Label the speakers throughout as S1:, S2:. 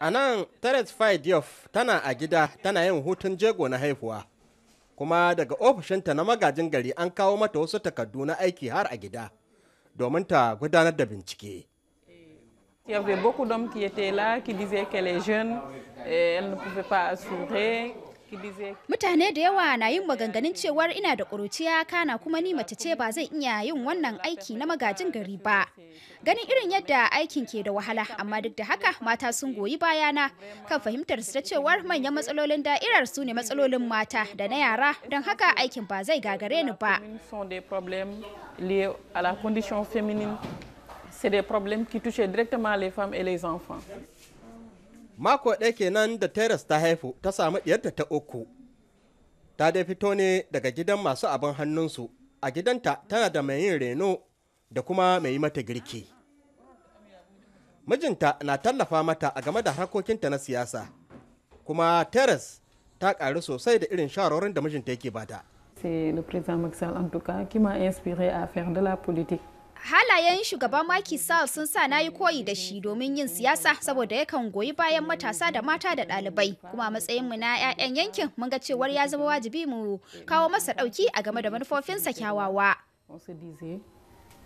S1: A nan Teres Diop tana a gida tana yin hutun jego na haihuwa. Kuma daga ofishinta na magajin gari an kawo mata wasu takardu na aiki har a gida domin ta gudanar da bincike. Il y avait beaucoup d'hommes qui étaient là, qui disaient qu'elle est jeune,
S2: et eh, elle ne pouvait pas assurer, Mutane da yawa na yin maganganun cewar ina da ƙuruciya kana kuma ni mace ce ba zan iya yin wannan aiki na magajin gari ba. Ganin irin yadda aikin ke da wahala amma duk da haka mata sun goyi bayana kan fahimtar su da cewar manyan matsalolin da'irar su ne matsalolin mata da na yara don haka aikin ba zai gagare ni ba. C'est des problèmes qui
S1: mako ɗaya kenan da teres ta haifu ta samu ɗiyarta ta uku ta dai fito ne daga gidan masu abin hannunsu a gidanta tana da mai yin reno da kuma mai yi mata girki mijinta na tallafa mata a game da harkokinta na siyasa kuma teres ta ƙaru sosai da irin shawarorin da mijinta yake bata.
S2: C'est le président Maxal en tout cas qui m'a inspiré à faire de la politique. Halayen shugaban maki sal sun sa na yi koyi da shi domin yin siyasa saboda yakan goyi bayan matasa da mata da ɗalibai. Kuma a matsayinmu na 'ya'yan yankin mun ga cewar ya zama wajibi mu kawo masa ɗauki a game da manufofinsa kyawawa.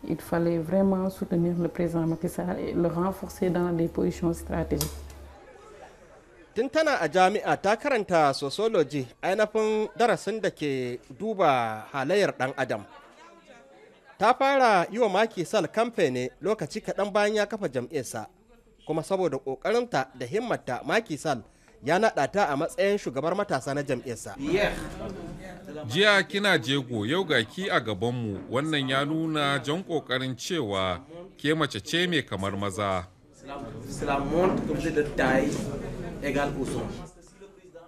S2: Il fallait vraiment soutenir le président Macky Sall et le renforcer dans les positions stratégiques.
S1: tun tana a jami'a ta karanta sociology ainihin darasin da ke duba halayyar dan adam ta fara yi wa maki sal kamfe ne lokaci kaɗan bayan ya kafa jam'iyyarsa kuma saboda ƙoƙarinta da himmata maki sal ya naɗa ta a matsayin shugabar matasa na jam'iyyarsa. Jiya kina jego yau ga ki a gabanmu wannan ya nuna jan ƙoƙarin cewa ke mace ce mai kamar maza.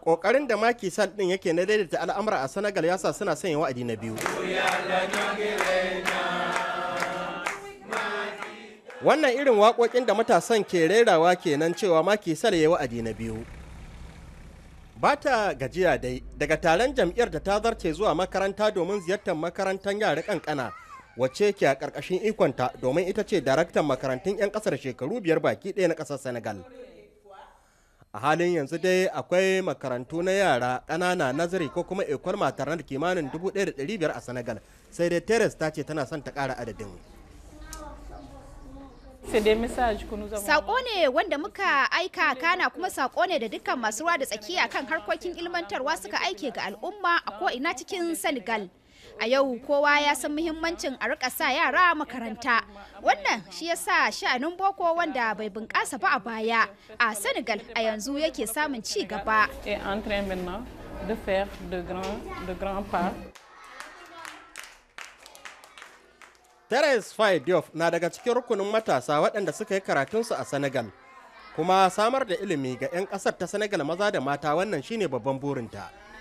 S1: kokarin da maki sal din yake na daidaita al'amura a Senegal yasa suna sanya wa'adi na biyu. Wannan irin waƙoƙin da matasan ke rerawa kenan cewa maki sal ya wa'adi na biyu. Bata gajiya dai daga taron jam'iyyar da ta zarce zuwa makaranta domin ziyartar makarantar yara kankana wacce ke a karkashin ikonta domin ita ce daraktan makarantun 'yan kasar shekaru biyar baki ɗaya na ƙasar Senegal. a halin yanzu dai akwai makarantu na yara ƙanana nazari ko kuma kimanin mataran da kimanin 1,500 a senegal sai dai teres ta ce tana son ta ƙara adadin
S2: Sako ne wanda muka aika kana kuma sako ne da dukkan masu ruwa da tsakiya kan harkokin ilmantarwa suka aike ga al'umma a ko ina cikin Senegal. a yau kowa ya san muhimmancin a rika sa yara makaranta wannan shi ya sa sha'anin boko wanda bai bunƙasa ba a baya a senegal a yanzu yake samun ci gaba
S1: Teres Fai Diop na daga cikin rukunin matasa waɗanda suka yi karatunsu a Senegal. Kuma samar da ilimi ga 'yan ƙasar ta Senegal maza da mata wannan shine babban burinta.